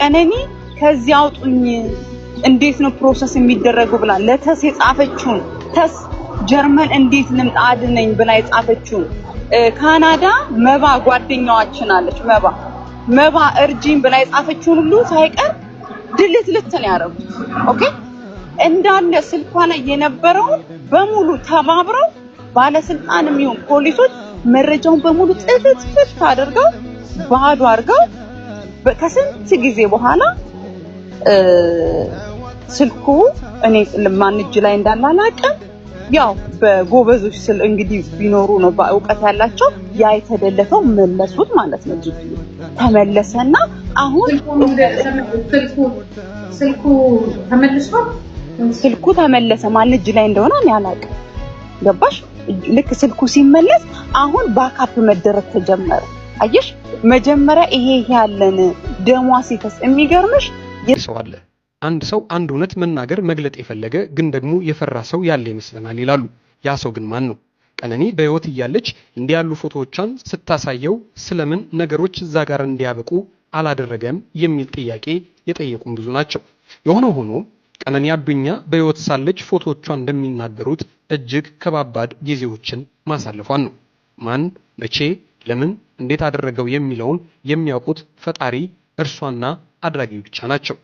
ቀነኒ ከዚህ አውጡኝ እንዴት ነው ፕሮሰስ የሚደረገው ብላ ለተስ የጻፈችውን ተስ ጀርመን እንዴት ልምጣ አድነኝ ብላ የጻፈችውን ካናዳ መባ ጓደኛዋችን አለች መባ መባ እርጂን ብላ የጻፈችውን ሁሉ ሳይቀር ድልት ልት ነው ያደረጉት። ኦኬ እንዳለ ስልኳ ላይ የነበረውን በሙሉ ተባብረው ባለስልጣን ይሁን ፖሊሶች መረጃውን በሙሉ ጥፍት ፍት አድርገው ባዶ አድርገው ከስንት ጊዜ በኋላ ስልኩ እኔ ማን እጅ ላይ እንዳለ ያው በጎበዞች ስል እንግዲህ ቢኖሩ ነው በእውቀት ያላቸው ያ የተደለፈው መለሱት ማለት ነው። ጅብ ተመለሰና አሁን ስልኩ ተመልሶ ስልኩ ተመለሰ። ማን እጅ ላይ እንደሆነ እኔ አላውቅም። ገባሽ? ልክ ስልኩ ሲመለስ አሁን ባካፕ መደረግ ተጀመረ። አየሽ መጀመሪያ ይሄ ያለን ደሟ ሲፈስ የሚገርምሽ ሰው አለ። አንድ ሰው አንድ እውነት መናገር መግለጥ የፈለገ ግን ደግሞ የፈራ ሰው ያለ ይመስለናል ይላሉ። ያ ሰው ግን ማን ነው? ቀነኒ በህይወት እያለች እንዲህ ያሉ ፎቶዎቿን ስታሳየው ስለምን ነገሮች እዛ ጋር እንዲያበቁ አላደረገም የሚል ጥያቄ የጠየቁም ብዙ ናቸው። የሆነ ሆኖ ቀነኒ አዱኛ በህይወት ሳለች ፎቶዎቿ እንደሚናገሩት እጅግ ከባባድ ጊዜዎችን ማሳለፏን ነው። ማን መቼ ለምን እንዴት አደረገው የሚለውን የሚያውቁት ፈጣሪ እርሷና አድራጊው ብቻ ናቸው።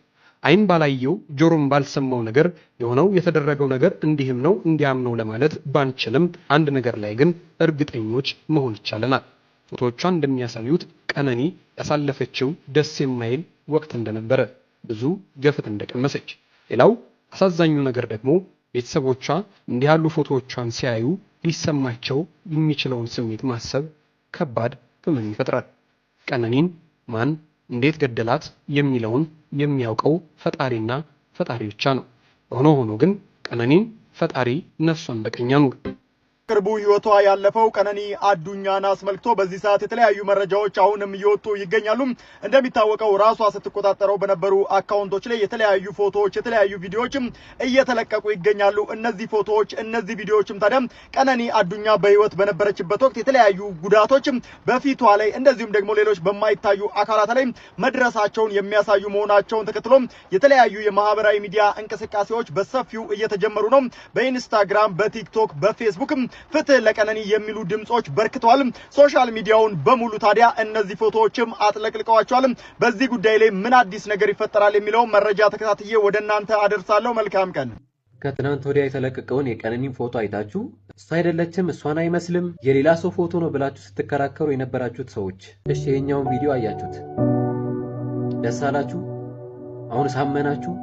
ዓይን ባላየው ጆሮም ባልሰማው ነገር የሆነው የተደረገው ነገር እንዲህም ነው እንዲያም ነው ለማለት ባንችልም አንድ ነገር ላይ ግን እርግጠኞች መሆን ይቻለናል። ፎቶቿ እንደሚያሳዩት ቀነኒ ያሳለፈችው ደስ የማይል ወቅት እንደነበረ፣ ብዙ ገፍት እንደቀመሰች። ሌላው አሳዛኙ ነገር ደግሞ ቤተሰቦቿ እንዲህ ያሉ ፎቶዎቿን ሲያዩ ሊሰማቸው የሚችለውን ስሜት ማሰብ ከባድ ህመም ይፈጥራል። ቀነኒን ማን እንዴት ገደላት የሚለውን የሚያውቀው ፈጣሪና ፈጣሪ ብቻ ነው። ሆኖ ሆኖ ግን ቀነኒን ፈጣሪ ነፍሷን በቀኝ ያኑር። በቅርቡ ህይወቷ ያለፈው ቀነኒ አዱኛን አስመልክቶ በዚህ ሰዓት የተለያዩ መረጃዎች አሁንም እየወጡ ይገኛሉ። እንደሚታወቀው ራሷ ስትቆጣጠረው በነበሩ አካውንቶች ላይ የተለያዩ ፎቶዎች፣ የተለያዩ ቪዲዮዎችም እየተለቀቁ ይገኛሉ። እነዚህ ፎቶዎች፣ እነዚህ ቪዲዮዎችም ታዲያ ቀነኒ አዱኛ በህይወት በነበረችበት ወቅት የተለያዩ ጉዳቶችም በፊቷ ላይ እንደዚሁም ደግሞ ሌሎች በማይታዩ አካላት ላይ መድረሳቸውን የሚያሳዩ መሆናቸውን ተከትሎ የተለያዩ የማህበራዊ ሚዲያ እንቅስቃሴዎች በሰፊው እየተጀመሩ ነው። በኢንስታግራም፣ በቲክቶክ፣ በፌስቡክ ፍትህ ለቀነኒ የሚሉ ድምጾች በርክተዋል። ሶሻል ሚዲያውን በሙሉ ታዲያ እነዚህ ፎቶዎችም አጥለቅልቀዋቸዋል። በዚህ ጉዳይ ላይ ምን አዲስ ነገር ይፈጠራል የሚለው መረጃ ተከታትዬ ወደ እናንተ አደርሳለሁ። መልካም ቀን። ከትናንት ወዲያ የተለቀቀውን የቀነኒን ፎቶ አይታችሁ እሷ አይደለችም፣ እሷን አይመስልም፣ የሌላ ሰው ፎቶ ነው ብላችሁ ስትከራከሩ የነበራችሁት ሰዎች እሺ፣ ይሄኛውን ቪዲዮ አያችሁት፣ ደስ አላችሁ? አሁን ሳመናችሁ?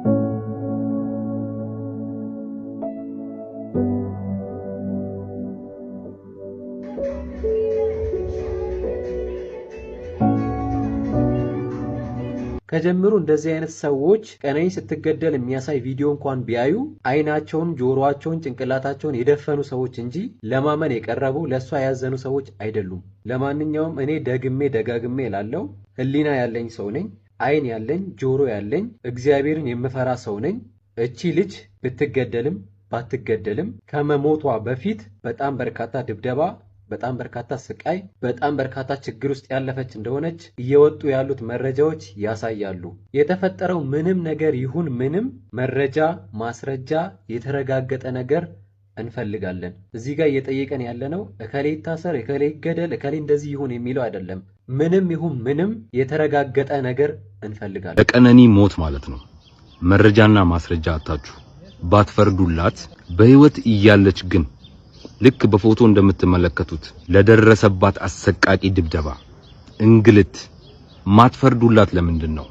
ከጀምሩ እንደዚህ አይነት ሰዎች ቀነኝ ስትገደል የሚያሳይ ቪዲዮ እንኳን ቢያዩ አይናቸውን፣ ጆሮአቸውን፣ ጭንቅላታቸውን የደፈኑ ሰዎች እንጂ ለማመን የቀረቡ ለእሷ ያዘኑ ሰዎች አይደሉም። ለማንኛውም እኔ ደግሜ ደጋግሜ እላለሁ፣ ሕሊና ያለኝ ሰው ነኝ፣ አይን ያለኝ፣ ጆሮ ያለኝ፣ እግዚአብሔርን የምፈራ ሰው ነኝ። እቺ ልጅ ብትገደልም ባትገደልም ከመሞቷ በፊት በጣም በርካታ ድብደባ በጣም በርካታ ስቃይ፣ በጣም በርካታ ችግር ውስጥ ያለፈች እንደሆነች እየወጡ ያሉት መረጃዎች ያሳያሉ። የተፈጠረው ምንም ነገር ይሁን ምንም መረጃ፣ ማስረጃ፣ የተረጋገጠ ነገር እንፈልጋለን። እዚህ ጋር እየጠየቀን ያለነው እከሌ ይታሰር፣ እከሌ ይገደል፣ እከሌ እንደዚህ ይሁን የሚለው አይደለም። ምንም ይሁን ምንም የተረጋገጠ ነገር እንፈልጋለን። ለቀነኒ ሞት ማለት ነው መረጃና ማስረጃ አታችሁ ባትፈርዱላት በህይወት እያለች ግን ልክ በፎቶ እንደምትመለከቱት ለደረሰባት አሰቃቂ ድብደባ፣ እንግልት ማትፈርዱላት ለምንድን ነው?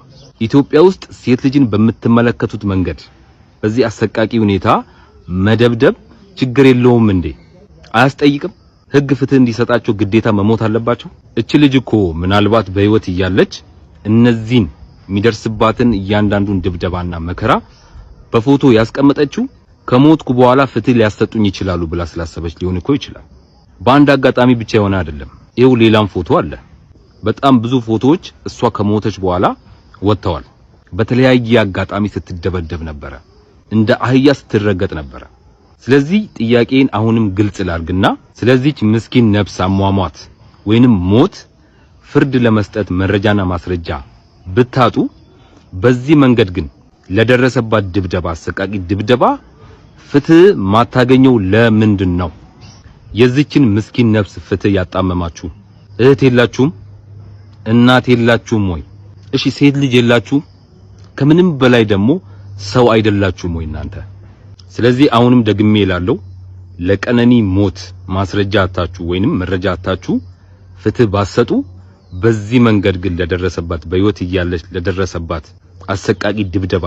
ኢትዮጵያ ውስጥ ሴት ልጅን በምትመለከቱት መንገድ በዚህ አሰቃቂ ሁኔታ መደብደብ ችግር የለውም እንዴ? አያስጠይቅም? ህግ ፍትህ እንዲሰጣቸው ግዴታ መሞት አለባቸው? እች ልጅ እኮ ምናልባት በህይወት እያለች እነዚህን የሚደርስባትን እያንዳንዱን ድብደባና መከራ በፎቶ ያስቀመጠችው ከሞትኩ በኋላ ፍትህ ሊያሰጡኝ ይችላሉ ብላ ስላሰበች ሊሆን እኮ ይችላል። በአንድ አጋጣሚ ብቻ የሆነ አይደለም። ይኸው ሌላም ፎቶ አለ። በጣም ብዙ ፎቶዎች እሷ ከሞተች በኋላ ወጥተዋል። በተለያየ አጋጣሚ ስትደበደብ ነበረ፣ እንደ አህያ ስትረገጥ ነበረ። ስለዚህ ጥያቄን አሁንም ግልጽ ላርግና ስለዚች ምስኪን ነፍስ አሟሟት ወይንም ሞት ፍርድ ለመስጠት መረጃና ማስረጃ ብታጡ፣ በዚህ መንገድ ግን ለደረሰባት ድብደባ አሰቃቂ ድብደባ ፍትህ ማታገኘው ለምንድን ነው? የዚችን ምስኪን ነፍስ ፍትህ ያጣመማችሁ እህት የላችሁም? እናት የላችሁም ወይ? እሺ ሴት ልጅ የላችሁም? ከምንም በላይ ደግሞ ሰው አይደላችሁም ወይ እናንተ? ስለዚህ አሁንም ደግሜ እላለሁ ለቀነኒ ሞት ማስረጃ አታችሁ ወይንም መረጃ አታችሁ ፍትህ ባሰጡ በዚህ መንገድ ግን ለደረሰባት በህይወት እያለች ለደረሰባት አሰቃቂ ድብደባ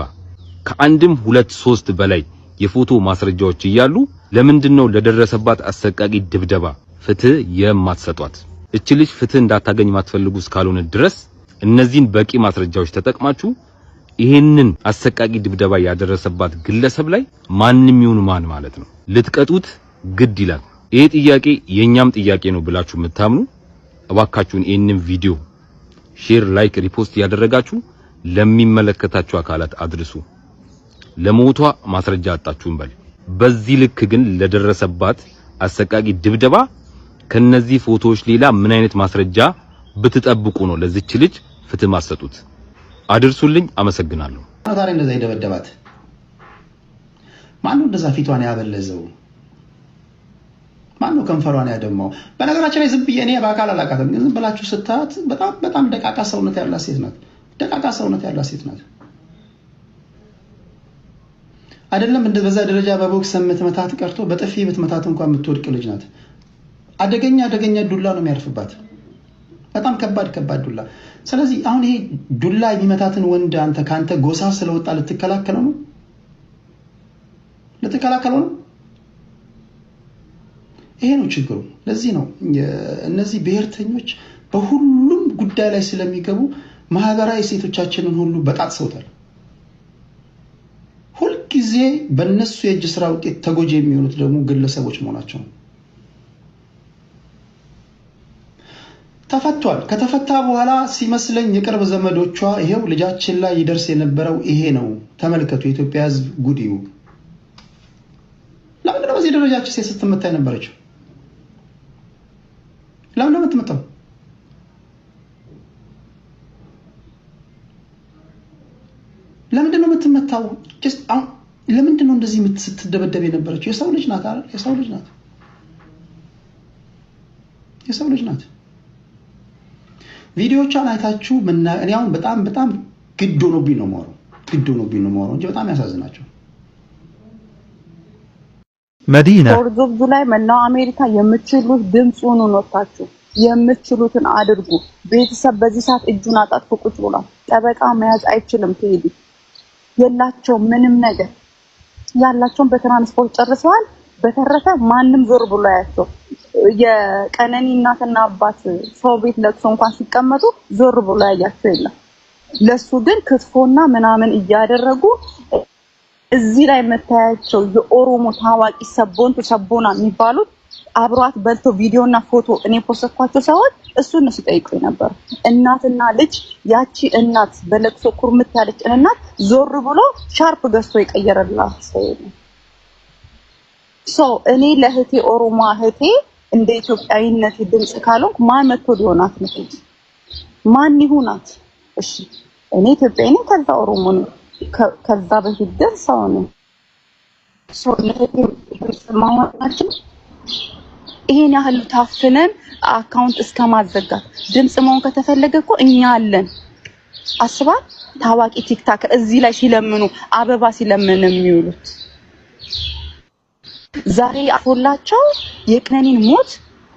ከአንድም ሁለት ሶስት በላይ የፎቶ ማስረጃዎች እያሉ ለምንድን ነው ለደረሰባት አሰቃቂ ድብደባ ፍትህ የማትሰጧት? እች ልጅ ፍትህ እንዳታገኝ ማትፈልጉ እስካልሆነ ድረስ እነዚህን በቂ ማስረጃዎች ተጠቅማችሁ ይህንን አሰቃቂ ድብደባ ያደረሰባት ግለሰብ ላይ ማንም ይሁን ማን ማለት ነው ልትቀጡት ግድ ይላል። ይሄ ጥያቄ የኛም ጥያቄ ነው ብላችሁ የምታምኑ እባካችሁን ይህንን ቪዲዮ ሼር፣ ላይክ፣ ሪፖስት ያደረጋችሁ ለሚመለከታችሁ አካላት አድርሱ። ለሞቷ ማስረጃ አጣችሁን በል። በዚህ ልክ ግን ለደረሰባት አሰቃቂ ድብደባ ከነዚህ ፎቶዎች ሌላ ምን አይነት ማስረጃ ብትጠብቁ ነው ለዚች ልጅ ፍትህ ማሰጡት? አድርሱልኝ። አመሰግናለሁ። ታዲያ እንደዛ የደበደባት ማነው? እንደዛ ፊቷን ያበለዘው ማነው? ከንፈሯን ያደማው? በነገራችን ላይ ዝም ብዬ እኔ በአካል አላውቃትም፣ ግን ዝም ብላችሁ ስታት በጣም በጣም ደቃቃ ሰውነት ያላት ሴት ናት። ደቃቃ ሰውነት ያላት ሴት ናት። አይደለም በዛ ደረጃ በቦክስ ምትመታት ቀርቶ በጥፊ ብትመታት እንኳን የምትወድቅ ልጅ ናት። አደገኛ አደገኛ ዱላ ነው የሚያርፍባት፣ በጣም ከባድ ከባድ ዱላ። ስለዚህ አሁን ይሄ ዱላ የሚመታትን ወንድ አንተ ከአንተ ጎሳ ስለወጣ ልትከላከለው ነው ልትከላከለው ነው። ይሄ ነው ችግሩ። ለዚህ ነው እነዚህ ብሔርተኞች በሁሉም ጉዳይ ላይ ስለሚገቡ ማህበራዊ ሴቶቻችንን ሁሉ በጣት ሰውታል። ጊዜ በእነሱ የእጅ ስራ ውጤት ተጎጂ የሚሆኑት ደግሞ ግለሰቦች መሆናቸው ነው። ተፈቷል። ከተፈታ በኋላ ሲመስለኝ የቅርብ ዘመዶቿ ይሄው ልጃችን ላይ ይደርስ የነበረው ይሄ ነው፣ ተመልከቱ፣ የኢትዮጵያ ሕዝብ ጉድ ለምንድነው ለምንድን ነው በዚህ ደረጃችን ሴት ስትመታ የነበረችው? ለምን ነው ለምንድን ነው የምትመታው? ለምንድን ነው እንደዚህ ስትደበደብ የነበረችው? የሰው ልጅ ናት አይደል? የሰው ልጅ ናት፣ የሰው ልጅ ናት። ቪዲዮቿን አይታችሁ እኔ አሁን በጣም በጣም ግድ ሆኖብኝ ነው የማወራው፣ ግድ ሆኖብኝ ነው የማወራው እንጂ በጣም ያሳዝናቸው። መዲና ጆርጆብዱ ላይ መላው አሜሪካ የምችሉት ድምፁን ወጥታችሁ የምትችሉትን አድርጉ። ቤተሰብ በዚህ ሰዓት እጁን አጣጥፎ ቁጭ ብሏል። ጠበቃ መያዝ አይችልም። ትሄዱ የላቸው ምንም ነገር ያላቸውን በትራንስፖርት ጨርሰዋል። በተረፈ ማንም ዞር ብሎ አያቸው። የቀነኒ እናትና አባት ሰው ቤት ለቅሶ እንኳን ሲቀመጡ ዞር ብሎ ያያቸው የለም። ለሱ ግን ክትፎና ምናምን እያደረጉ እዚህ ላይ የምታያቸው የኦሮሞ ታዋቂ ሰቦንቱ ሰቦና የሚባሉት አብሯት በልቶ ቪዲዮና ፎቶ እኔ ፖስትኳቸው ሰዎች እሱ እነሱ ሲጠይቁኝ ነበር። እናትና ልጅ ያቺ እናት በለቅሶ ኩርምት ያለች እናት ዞር ብሎ ሻርፕ ገዝቶ የቀየረላት ሰው ሶ እኔ ለእህቴ ኦሮማ እህቴ እንደ ኢትዮጵያዊነት ድምፅ ካልሆንኩ ማን መጥቶ ሊሆናት ነው? ማን ይሁናት? እሺ እኔ ኢትዮጵያዊ ነኝ፣ ከዛ ኦሮሞ ነው፣ ከዛ በፊት ግን ሰው ነው። ሶ ለእህቴ ድምጽ ማሆናችን ይሄን ያህል ታፍነን አካውንት እስከ ማዘጋት ድምፅ መሆን ከተፈለገ እኮ እኛ አለን። አስባል ታዋቂ ቲክታክ እዚህ ላይ ሲለምኑ አበባ ሲለምን የሚውሉት ዛሬ አፎላቸው የቅነኒን ሞት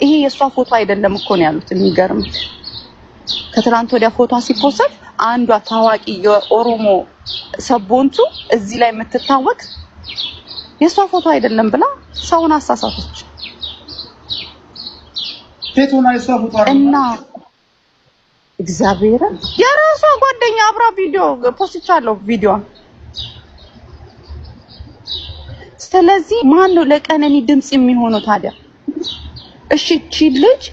ይሄ የእሷ ፎቶ አይደለም እኮ ነው ያሉት። የሚገርም ከትላንት ወዲያ ፎቶ ሲፖሰት አንዷ ታዋቂ የኦሮሞ ሰቦንቱ እዚህ ላይ የምትታወቅ የእሷ ፎቶ አይደለም ብላ ሰውን አሳሳቶች። እና እግዚአብሔር የራሷ ጓደኛ አብራ ቪዲዮ ፖስቻለሁ ቪዲዮ። ስለዚህ ማን ነው ለቀነኒ ድምጽ የሚሆነው ታዲያ? እሺ እቺ ልጅ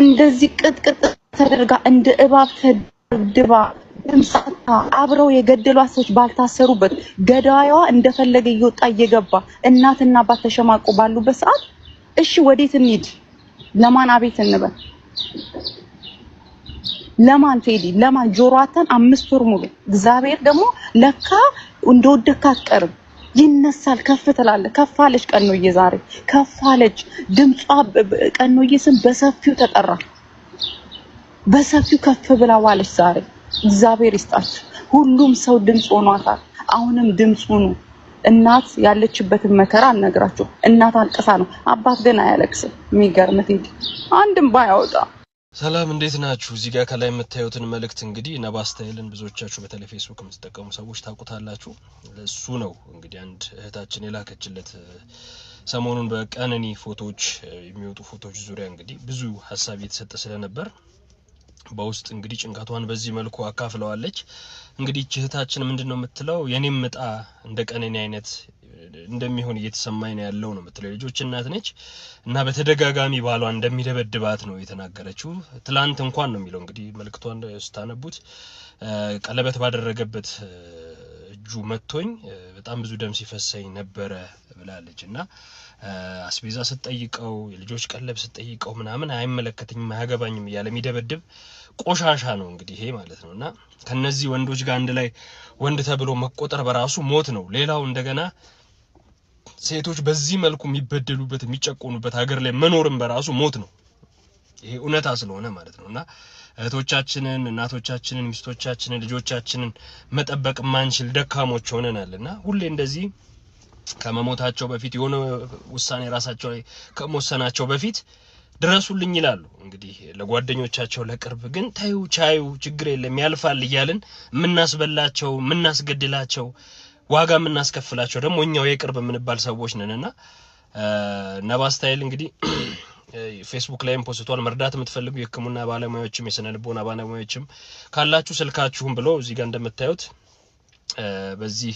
እንደዚህ ቅጥቅጥ ተደርጋ እንደ እባብ ተደብድባ ድምፃታ አብረው የገደሏት ሰዎች ባልታሰሩበት ገዳዩዋ እንደፈለገ እየወጣ እየገባ እናትና አባት ተሸማቆ ባሉበት ሰዓት እሺ ወዴት እንሂድ? ለማን አቤት እንበል? ለማን ቴዲ ለማን ጆሮአተን አምስት ወር ሙሉ እግዚአብሔር ደግሞ ለካ እንደወደካ አትቀርም ይነሳል ከፍ ትላለ። ከፍ አለች ቀኖዬ ዛሬ ከፍ አለች ድምጿ። ቀኖዬ ስም በሰፊው ተጠራ፣ በሰፊው ከፍ ብላ ዋለች ዛሬ። እግዚአብሔር ይስጣችሁ። ሁሉም ሰው ድምፅ ሆኗታል። አሁንም ድምፅ ሁኑ። እናት ያለችበትን መከራ አልነግራችሁ። እናት አልቅሳ ነው፣ አባት ግን አያለቅስም። የሚገርምት ሄድ አንድም ባያወጣ ሰላም እንዴት ናችሁ? እዚህ ጋር ከላይ የምታዩትን መልእክት እንግዲህ ነባ ስታይልን ብዙዎቻችሁ በተለይ ፌስቡክ የምትጠቀሙ ሰዎች ታውቁታላችሁ። እሱ ነው እንግዲህ አንድ እህታችን የላከችለት ሰሞኑን በቀነኒ ፎቶዎች የሚወጡ ፎቶዎች ዙሪያ እንግዲህ ብዙ ሀሳብ እየተሰጠ ስለነበር በውስጥ እንግዲህ ጭንቀቷን በዚህ መልኩ አካፍለዋለች። እንግዲህ ችህታችን ምንድን ነው የምትለው? የኔም እጣ እንደ ቀነኒ አይነት እንደሚሆን እየተሰማኝ ነው ያለው ነው የምትለው። ልጆች እናት ነች እና በተደጋጋሚ ባሏ እንደሚደበድባት ነው የተናገረችው። ትላንት እንኳን ነው የሚለው እንግዲህ መልክቷን ስታነቡት ቀለበት ባደረገበት እጁ መቶኝ በጣም ብዙ ደም ሲፈሰኝ ነበረ ብላለች። እና አስቤዛ ስትጠይቀው የልጆች ቀለብ ስትጠይቀው ምናምን አይመለከተኝም አያገባኝም እያለ የሚደበድብ ቆሻሻ ነው እንግዲህ ይሄ ማለት ነው። እና ከነዚህ ወንዶች ጋር አንድ ላይ ወንድ ተብሎ መቆጠር በራሱ ሞት ነው። ሌላው እንደገና ሴቶች በዚህ መልኩ የሚበደሉበት የሚጨቆኑበት ሀገር ላይ መኖርም በራሱ ሞት ነው። ይሄ እውነታ ስለሆነ ማለት ነው እና እህቶቻችንን፣ እናቶቻችንን፣ ሚስቶቻችንን፣ ልጆቻችንን መጠበቅ ማንችል ደካሞች ሆነናል እና ሁሌ እንደዚህ ከመሞታቸው በፊት የሆነ ውሳኔ ራሳቸው ላይ ከመወሰናቸው በፊት ድረሱልኝ ይላሉ። እንግዲህ ለጓደኞቻቸው ለቅርብ ግን ታዩ ቻዩ ችግር የለም ያልፋል እያልን የምናስበላቸው የምናስገድላቸው ዋጋ የምናስከፍላቸው ደግሞ እኛው የቅርብ የምንባል ሰዎች ነን እና ነባ ስታይል እንግዲህ ፌስቡክ ላይም ፖስቷል። መርዳት የምትፈልጉ የህክምና ባለሙያዎችም የስነ ልቦና ባለሙያዎችም ካላችሁ ስልካችሁም ብሎ እዚህ ጋር እንደምታዩት በዚህ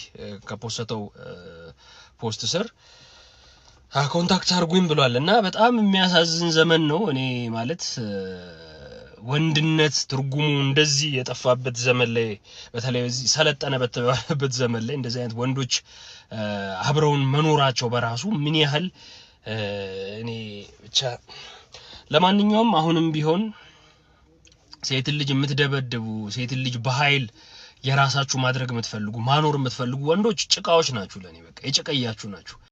ከፖስተው ፖስት ስር ኮንታክት አርጉኝ ብሏል እና በጣም የሚያሳዝን ዘመን ነው። እኔ ማለት ወንድነት ትርጉሙ እንደዚህ የጠፋበት ዘመን ላይ በተለይ በዚህ ሰለጠነ በተባለበት ዘመን ላይ እንደዚህ አይነት ወንዶች አብረውን መኖራቸው በራሱ ምን ያህል እኔ ብቻ ለማንኛውም አሁንም ቢሆን ሴት ልጅ የምትደበድቡ ሴት ልጅ በኃይል የራሳችሁ ማድረግ የምትፈልጉ ማኖር የምትፈልጉ ወንዶች ጭቃዎች ናችሁ። ለእኔ በቃ የጭቀያችሁ ናችሁ።